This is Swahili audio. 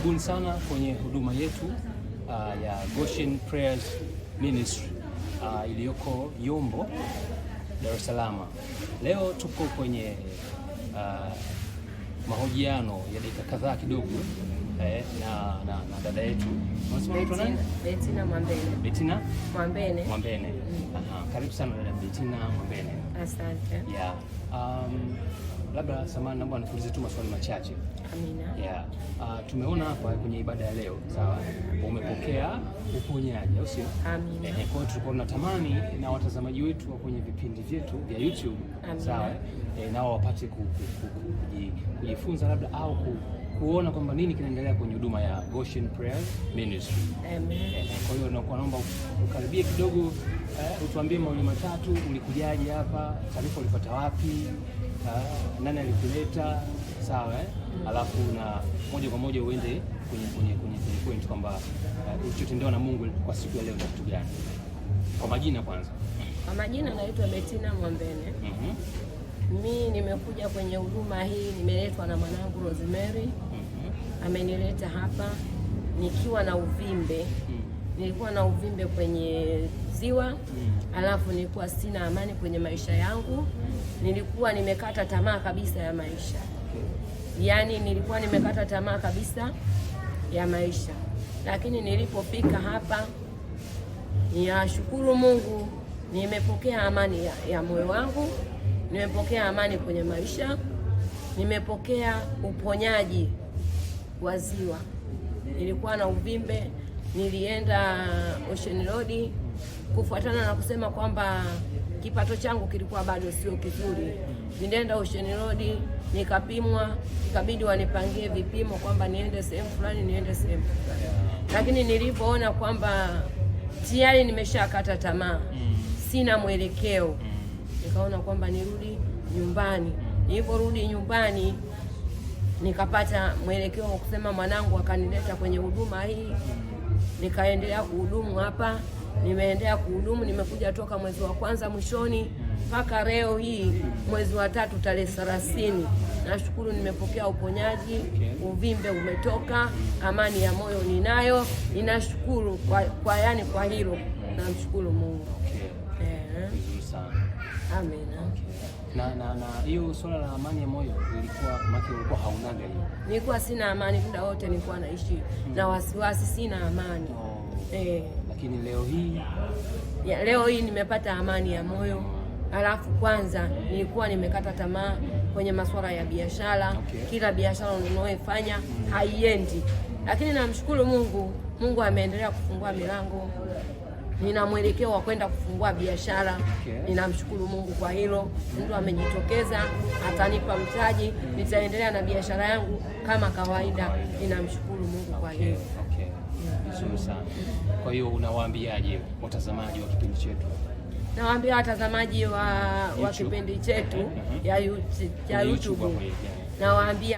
Karibuni sana kwenye huduma yetu uh, ya Goshen Prayers Ministry uh, iliyoko Yombo, Dar es Salaam. Leo tuko kwenye uh, mahojiano ya dakika kadhaa kidogo eh, na, na, na dada yetu Betina, Betina Mwambene. Betina Mwambene. Mwambene. Mm. Uh, karibu sana dada Betina Mwambene. Asante. Yeah. Um, labda samani, naomba nikuulize tu maswali machache. Amina. Yeah. Uh, tumeona hapa kwenye ibada ya leo, sawa, umepokea uponyaji, au sio? Amina. Eh, kwa hiyo tulikuwa tunatamani na watazamaji wetu wa kwenye vipindi vyetu vya YouTube, sawa, eh, nao wapate kujifunza labda au ku, kuona kwamba nini kinaendelea kwenye huduma ya Goshen Prayer Ministry. Eh, kwa hiyo naomba ukaribie kidogo, uh, utuambie mawili matatu, ulikujaje hapa, taarifa ulipata wapi, uh, nani alikuleta, sawa eh? Mm. Alafu na moja kwa moja uende kwenye kwenye kwenye point kwamba ulichotendewa uh, na Mungu kwa siku ya leo ni kitu gani? Kwa majina kwanza. Kwa majina naitwa Betina Mwambene. Mhm. Mm, mi nimekuja kwenye huduma hii, nimeletwa na mwanangu Rosemary amenileta hapa nikiwa na uvimbe mm. nilikuwa na uvimbe kwenye ziwa, mm. alafu nilikuwa sina amani kwenye maisha yangu, mm. nilikuwa nimekata tamaa kabisa ya maisha, yaani nilikuwa nimekata tamaa kabisa ya maisha. Lakini nilipofika hapa, niashukuru Mungu, nimepokea amani ya, ya moyo wangu, nimepokea amani kwenye maisha, nimepokea uponyaji wa ziwa. Nilikuwa na uvimbe, nilienda Ocean Road kufuatana na kusema kwamba kipato changu kilikuwa bado sio kizuri. Nilienda Ocean Road nikapimwa, ikabidi wanipangie vipimo kwamba niende sehemu fulani, niende sehemu fulani, lakini nilipoona kwamba tayari nimeshakata tamaa, mm. sina mwelekeo, mm. nikaona kwamba nirudi nyumbani. Niliporudi nyumbani nikapata mwelekeo wa kusema, mwanangu akanileta kwenye huduma hii, nikaendelea kuhudumu hapa, nimeendelea kuhudumu, nimekuja toka mwezi wa kwanza mwishoni mpaka leo hii mwezi wa tatu tarehe thelathini. Nashukuru, nimepokea uponyaji, uvimbe umetoka, amani ya moyo ninayo. Ninashukuru kwa, kwa yani kwa hilo namshukuru Mungu. Eh. Amen na na na hiyo swala la amani ya moyo ilikuwa maki, ulikuwa haunaga hiyo? Nilikuwa sina amani muda wote, nilikuwa naishi hmm. na wasiwasi, sina amani oh. eh. Lakini leo hii ya, leo hii nimepata amani ya moyo. Halafu kwanza nilikuwa nimekata tamaa kwenye masuala ya biashara okay. Kila biashara unayofanya hmm. haiendi, lakini namshukuru Mungu, Mungu ameendelea kufungua milango nina mwelekeo wa kwenda kufungua biashara okay. Ninamshukuru Mungu kwa hilo, mtu amejitokeza, atanipa mtaji, nitaendelea na biashara yangu kama kawaida. Ninamshukuru Mungu kwa hilo okay. Vizuri sana. Kwa hiyo unawaambiaje watazamaji wa kipindi chetu? Nawaambia watazamaji wa, wa kipindi chetu mm-hmm. ya YouTube, ya YouTube. nawaambia